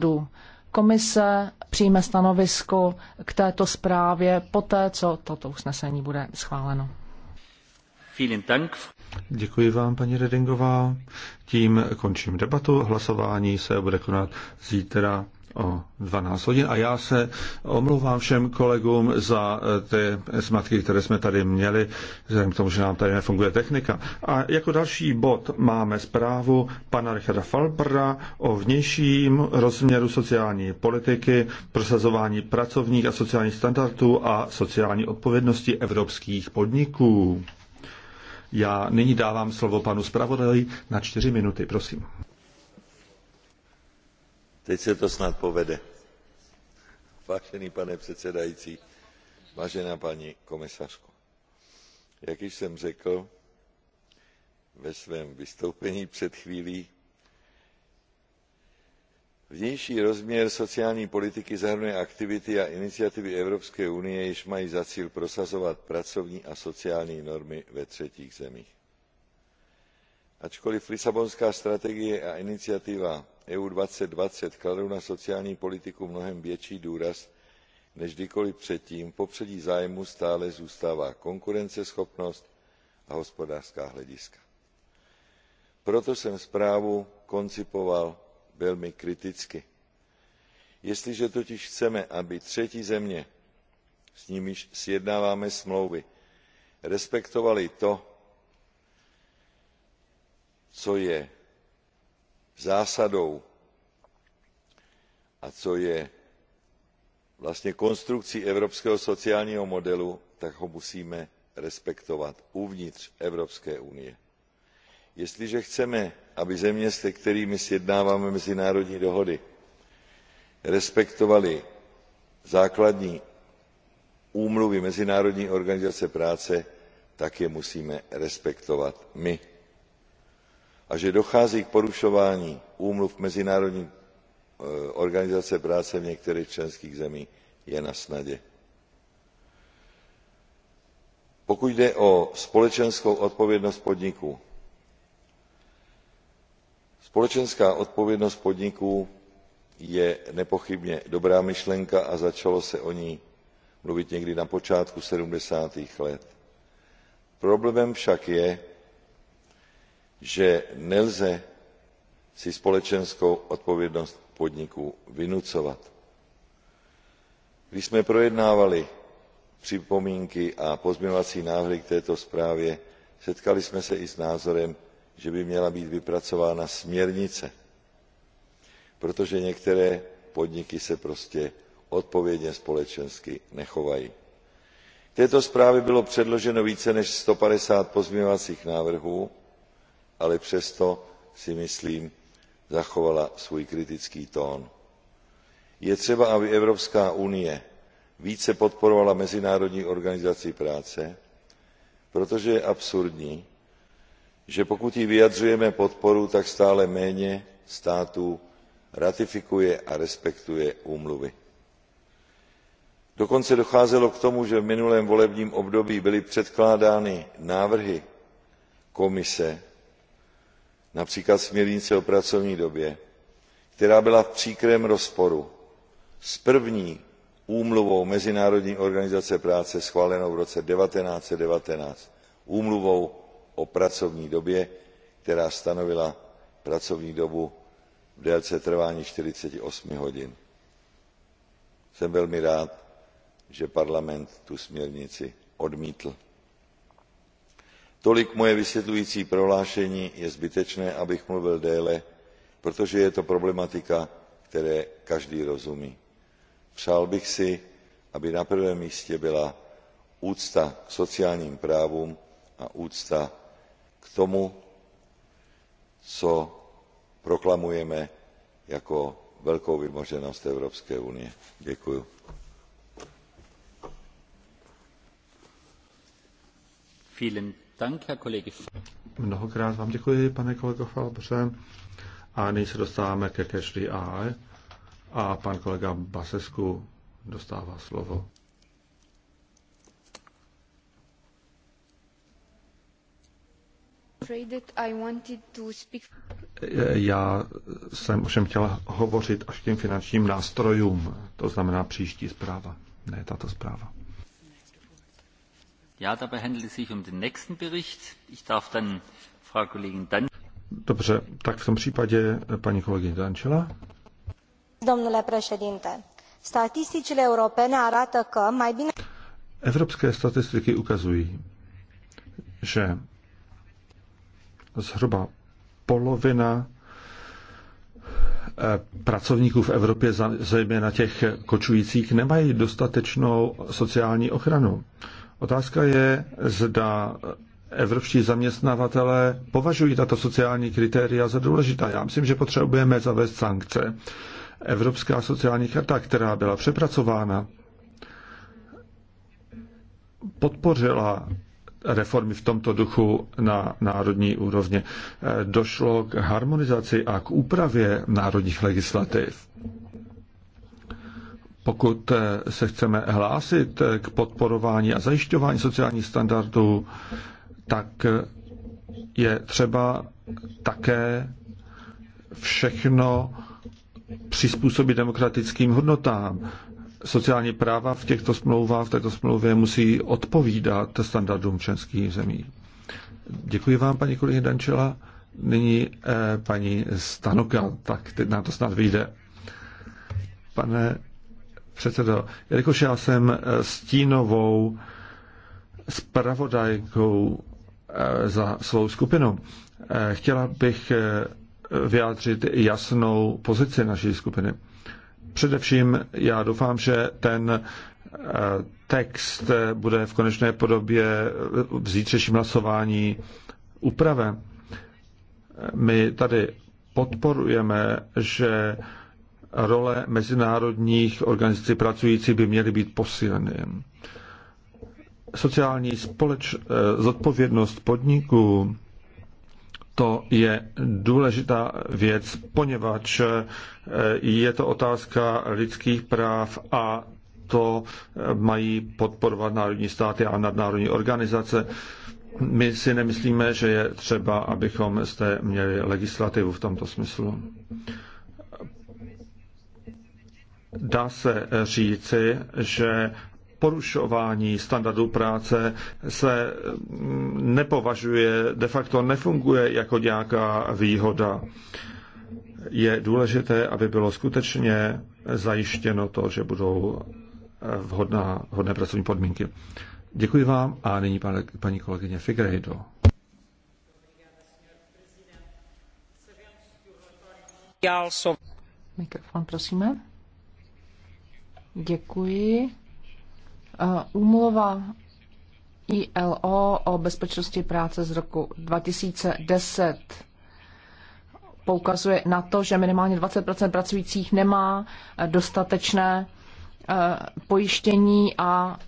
Dů. Komise přijme stanovisko k této zprávě poté, co toto usnesení bude schváleno. Děkuji vám, paní Redingová. Tím končím debatu. Hlasování se bude konat zítra o 12 hodin a já se omlouvám všem kolegům za eh, ty smatky, které jsme tady měli, vzhledem k tomu, že nám tady nefunguje technika. A jako další bod máme zprávu pana Richarda Falbra o vnějším rozměru sociální politiky, prosazování pracovních a sociálních standardů a sociální odpovědnosti evropských podniků. Já nyní dávám slovo panu zpravodaji na čtyři minuty, prosím teď se to snad povede. vážený pane předsedající vážená paní komisařko jak již jsem řekl ve svém vystoupení před chvílí vnější rozměr sociální politiky zahrnuje aktivity a iniciativy evropské unie jež mají za cíl prosazovat pracovní a sociální normy ve třetích zemích ačkoliv lisabonská strategie a iniciativa eu two thousand and twenty kladou na sociální politiku mnohem větší důraz než kdykoliv předtím v popředí zájmu stále zůstává konkurenceschopnost a hospodářská hlediska. proto jsem zprávu koncipoval velmi kriticky. jestliže totiž chceme aby třetí země s nimiž sjednáváme smlouvy respektovaly to co je zásadou a co je vlastně konstrukcí evropského sociálního modelu tak ho musíme respektovat uvnitř evropské unie. jestliže chceme aby země se kterými sjednáváme mezinárodní dohody respektovaly základní úmluvy mezinárodní organizace práce tak je musíme respektovat my a že dochází k porušování úmluv mezinárodní eh, organizace práce v některých členských zemích je nasnadě. pokud jde o společenskou odpovědnost podniků společenská odpovědnost podniků je nepochybně dobrá myšlenka a začalo se o ní mluvit někdy na počátku sedmdesátých let. problémem však je že nelze si společenskou odpovědnost podniků vynucovat. když jsme projednávali připomínky a pozměňovací návrhy k této zprávě setkali jsme se i s názorem že by měla být vypracována směrnice protože některé podniky se prostě odpovědně společensky nechovají. k této zprávě bylo předloženo více než one hundred and fifty pozměňovacích návrhů ale přesto si myslím zachovala svůj kritický tón. je třeba aby evropská unie více podporovala mezinárodní organizaci práce protože je absurdní že pokud jí vyjadřujeme podporu tak stále méně států ratifikuje a respektuje úmluvy. dokonce docházelo k tomu že v minulém volebním období byly předkládány návrhy komise například směrnice o pracovní době která byla v příkrém rozporu s první úmluvou mezinárodní organizace práce schválenou v roce one thousand nine hundred and nineteen úmluvou o pracovní době která stanovila pracovní dobu v délce trvání forty eight hodin. jsem velmi rád že parlament tu směrnici odmítl tolik moje vysvětlující prohlášení je zbytečné abych mluvil déle protože je to problematika které každý rozumí. přál bych si aby na prvním místě byla úcta k sociálním právům a úcta k tomu co proklamujeme jako velkou vymoženost evropské unie. děkuji. Mnohokrát vám děkuji, pane kolego Falbře. A nyní se dostáváme ke Cashly A. A pan kolega Basesku dostává slovo. Já jsem ovšem chtěla hovořit až k těm finančním nástrojům, to znamená příští zpráva, ne tato zpráva. Um Dobře, tak v tom případě eh, paní kolegyně Dančela. Domnule președinte, statisticile europene arată că mai bine... Evropské statistiky ukazují, že zhruba polovina eh, pracovníků v Evropě, zejména těch kočujících, nemají dostatečnou sociální ochranu. Otázka je, zda evropští zaměstnavatelé považují tato sociální kritéria za důležitá. Já myslím, že potřebujeme zavést sankce. Evropská sociální charta, která byla přepracována, podpořila reformy v tomto duchu na národní úrovni. Došlo k harmonizaci a k úpravě národních legislativ pokud eh, se chceme hlásit eh, k podporování a zajišťování sociálních standardů, tak eh, je třeba také všechno přizpůsobit demokratickým hodnotám. Sociální práva v těchto smlouvách, v této smlouvě musí odpovídat standardům členských zemí. Děkuji vám, paní kolegyně Dančela. Nyní eh, paní Stanoka, tak teď nám to snad vyjde. Pane předsedo, jelikož já jsem eh, stínovou spravodajkou eh, za svou skupinu, eh, chtěla bych vyjádřit jasnou pozici naší skupiny. Především já doufám, že ten text bude v konečné podobě v zítřejším hlasování upraven. My tady podporujeme, že role mezinárodních organizací pracující by měly být posíleny. Sociální společ, eh, zodpovědnost podniků, to je důležitá věc, poněvadž eh, je to otázka lidských práv a to eh, mají podporovat národní státy a nadnárodní organizace. My si nemyslíme, že je třeba, abychom zde měli legislativu v tomto smyslu. Dá se říci, že porušování standardů práce se mm, nepovažuje, de facto nefunguje jako nějaká výhoda. Je důležité, aby bylo skutečně zajištěno to, že budou eh, vhodná, vhodné pracovní podmínky. Děkuji vám a nyní pane, paní kolegyně Figrejdo. Mikrofon, prosíme. Děkuji. Eh, úmluva ILO o bezpečnosti práce z roku 2010 poukazuje na to, že minimálně 20 pracujících nemá eh, dostatečné eh, pojištění a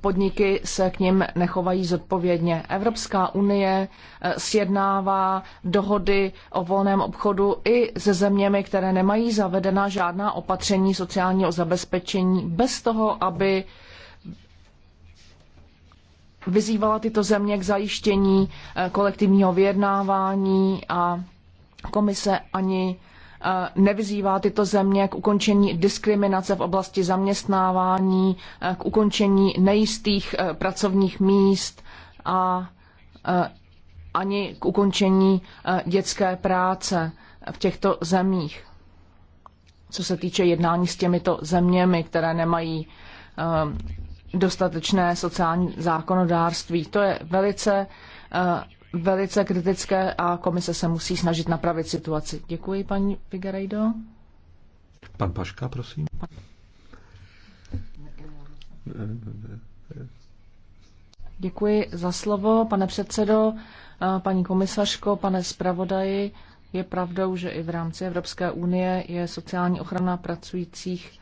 podniky se k ním nechovají zodpovědně. Evropská unie eh, sjednává dohody o volném obchodu i se zeměmi, které nemají zavedena žádná opatření sociálního zabezpečení, bez toho, aby vyzývala tyto země k zajištění eh, kolektivního vyjednávání a komise ani Eh, nevyzývá tyto země k ukončení diskriminace v oblasti zaměstnávání, eh, k ukončení nejistých eh, pracovních míst a ani k ukončení dětské práce v těchto zemích. Co se týče jednání s těmito zeměmi, které nemají dostatečné sociální zákonodárství, to je velice velice kritické a komise se musí snažit napravit situaci. Děkuji, paní Figueiredo. Pan Paška, prosím. Děkuji za slovo, pane předsedo, paní komisařko, pane zpravodaji. Je pravdou, že i v rámci Evropské unie je sociální ochrana pracujících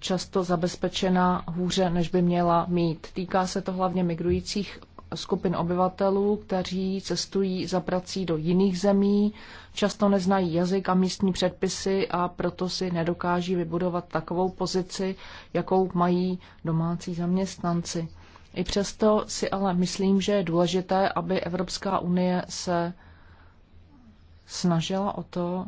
často zabezpečena hůře, než by měla mít. Týká se to hlavně migrujících skupin obyvatelů, kteří cestují za prací do jiných zemí, často neznají jazyk a místní předpisy a proto si nedokáží vybudovat takovou pozici, jakou mají domácí zaměstnanci. I přesto si ale myslím, že je důležité, aby Evropská unie se snažila o to,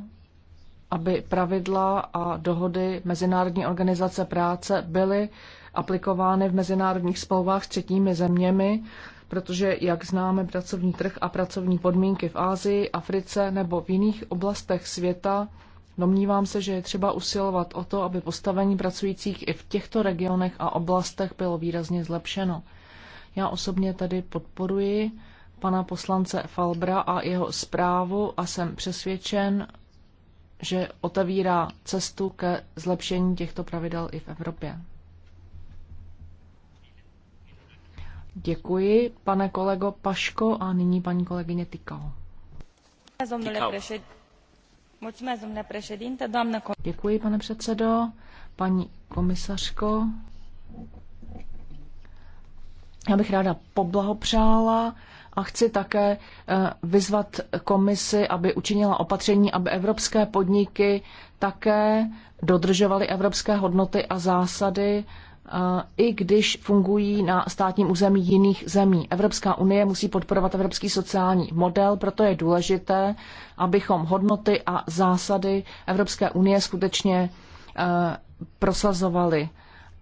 aby pravidla a dohody Mezinárodní organizace práce byly aplikovány v mezinárodních smlouvách s třetími zeměmi, protože, jak známe, pracovní trh a pracovní podmínky v Ázii, Africe nebo v jiných oblastech světa, domnívám se, že je třeba usilovat o to, aby postavení pracujících i v těchto regionech a oblastech bylo výrazně zlepšeno. Já osobně tady podporuji pana poslance Falbra a jeho zprávu a jsem přesvědčen, že otevírá cestu ke zlepšení těchto pravidel i v Evropě. Děkuji, pane kolego Paško, a nyní paní kolegyně Tykal. Děkuji, pane předsedo, paní komisařko. Já bych ráda poblahopřála a chci také eh, vyzvat komisi, aby učinila opatření, aby evropské podniky také dodržovaly evropské hodnoty a zásady i když fungují na státním území jiných zemí. Evropská unie musí podporovat evropský sociální model, proto je důležité, abychom hodnoty a zásady Evropské unie skutečně eh, prosazovali.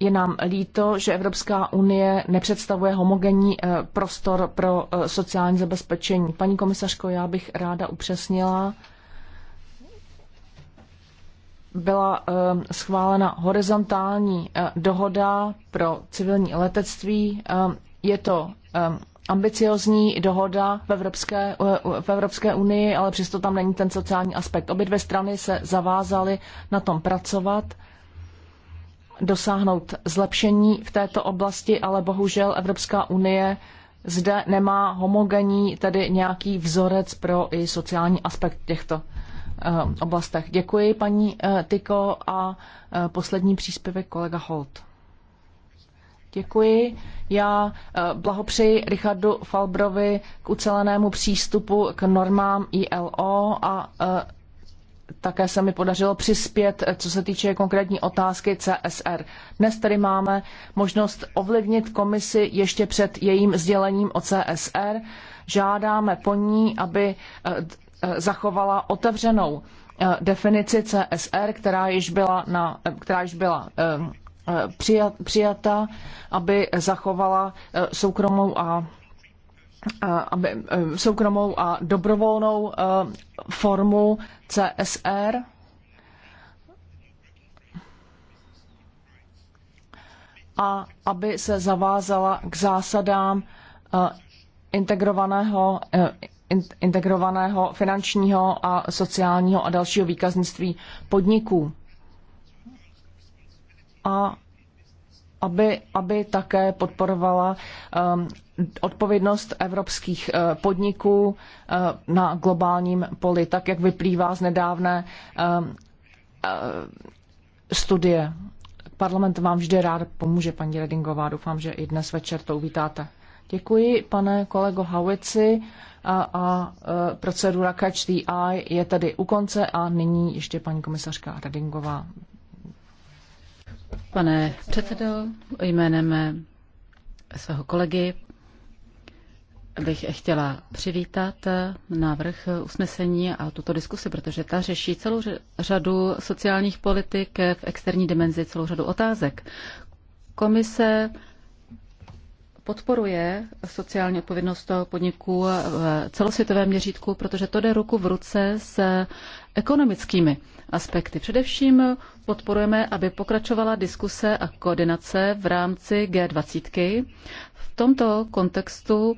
Je nám líto, že Evropská unie nepředstavuje homogenní eh, prostor pro eh, sociální zabezpečení. Paní komisařko, já bych ráda upřesnila, byla eh, schválena horizontální eh, dohoda pro civilní letectví. Eh, je to ambiciozní dohoda v Evropské, v Evropské unii, ale přesto tam není ten sociální aspekt. Obě dvě strany se zavázaly na tom pracovat, dosáhnout zlepšení v této oblasti, ale bohužel Evropská unie zde nemá homogenní, tedy nějaký vzorec pro i sociální aspekt těchto Eh, oblastech. Děkuji, paní eh, Tyko, a eh, poslední příspěvek kolega Holt. Děkuji. Já blahopřeji Richardu Falbrovi k ucelenému přístupu k normám ILO a také se mi podařilo přispět, co se týče konkrétní otázky CSR. Dnes tedy máme možnost ovlivnit komisi ještě před jejím sdělením o CSR. Žádáme po ní, aby Eh, zachovala otevřenou eh, definici CSR, která již byla, na, eh, která již byla přijata, aby zachovala soukromou a aby soukromou a dobrovolnou formu CSR. a aby se zavázala k zásadám integrovaného integrovaného finančního a sociálního a dalšího výkaznictví podniků. A aby, aby také podporovala um, odpovědnost evropských uh, podniků uh, na globálním poli, tak jak vyplývá z nedávné um, uh, studie. Parlament vám vždy rád pomůže, paní Redingová. Doufám, že i dnes večer to uvítáte. Děkuji, pane kolego Hawici. A, a e, procedura Catch the Eye je tedy u konce a nyní ještě paní komisařka Redingová. Pane předsedo, jménem svého kolegy bych chtěla přivítat návrh usnesení a tuto diskusi, protože ta řeší celou řadu sociálních politik v externí dimenzi, celou řadu otázek. Komise podporuje sociální odpovědnost podniků v celosvětovém měřítku, protože to jde ruku v ruce s ekonomickými aspekty. Především podporujeme, aby pokračovala diskuse a koordinace v rámci G20. V tomto kontextu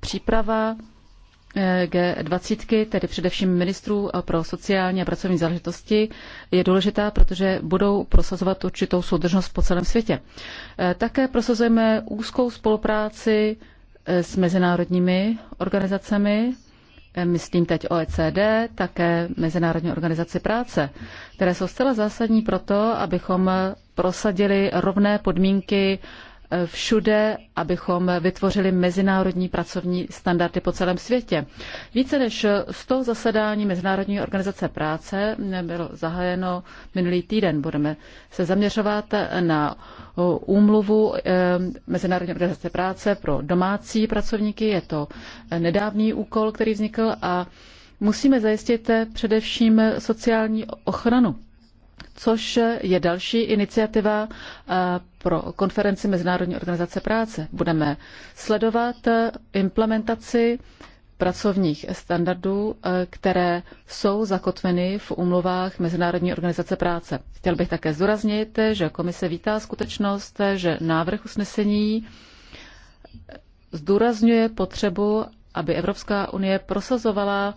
příprava G20, tedy především ministrů pro sociální a pracovní záležitosti, je důležitá, protože budou prosazovat určitou soudržnost po celém světě. Eh, také prosazujeme úzkou spolupráci eh, s mezinárodními organizacemi, eh, myslím teď OECD, také Mezinárodní organizaci práce, které jsou zcela zásadní pro to, abychom prosadili rovné podmínky všude, abychom vytvořili mezinárodní pracovní standardy po celém světě. Více než 100 zasedání Mezinárodní organizace práce bylo zahájeno minulý týden. Budeme se zaměřovat na úmluvu eh, Mezinárodní organizace práce pro domácí pracovníky. Je to nedávný úkol, který vznikl a musíme zajistit především sociální ochranu což je další iniciativa eh, pro konferenci Mezinárodní organizace práce. Budeme sledovat eh, implementaci pracovních standardů, eh, které jsou zakotveny v umluvách Mezinárodní organizace práce. Chtěl bych také zdůraznit, že komise vítá skutečnost, že návrh usnesení zdůrazňuje potřebu, aby Evropská unie prosazovala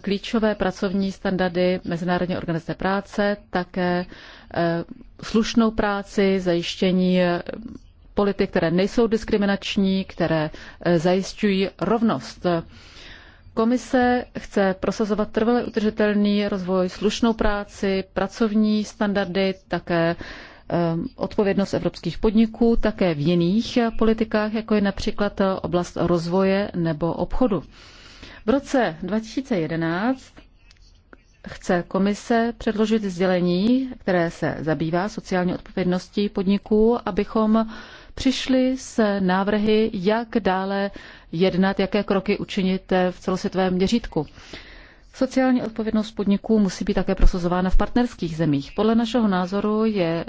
klíčové pracovní standardy Mezinárodní organizace práce, také eh, slušnou práci, zajištění eh, politik, které nejsou diskriminační, které eh, zajišťují rovnost. Komise chce prosazovat trvale udržitelný rozvoj, slušnou práci, pracovní standardy, také odpovědnost evropských podniků, také v jiných politikách, jako je například oblast rozvoje nebo obchodu. V roce 2011 chce komise předložit sdělení, které se zabývá sociální odpovědností podniků, abychom přišli s návrhy, jak dále jednat, jaké kroky učinit v celosvětovém měřítku. Sociální odpovědnost podniků musí být také prosazována v partnerských zemích. Podle našeho názoru je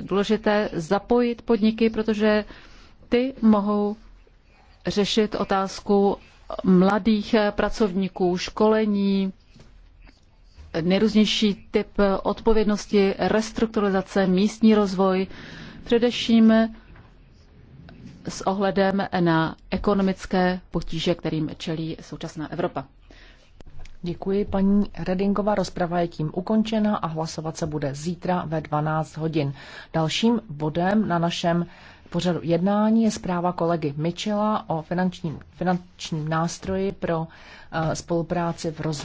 důležité zapojit podniky, protože ty mohou řešit otázku mladých pracovníků, školení, nejrůznější typ odpovědnosti, restrukturalizace, místní rozvoj, především s ohledem na ekonomické potíže, kterým čelí současná Evropa. Děkuji, paní Redingová. Rozprava je tím ukončena a hlasovat se bude zítra ve 12 hodin. Dalším bodem na našem pořadu jednání je zpráva kolegy Michela o finančním, finančním nástroji pro eh, spolupráci v rozvoji.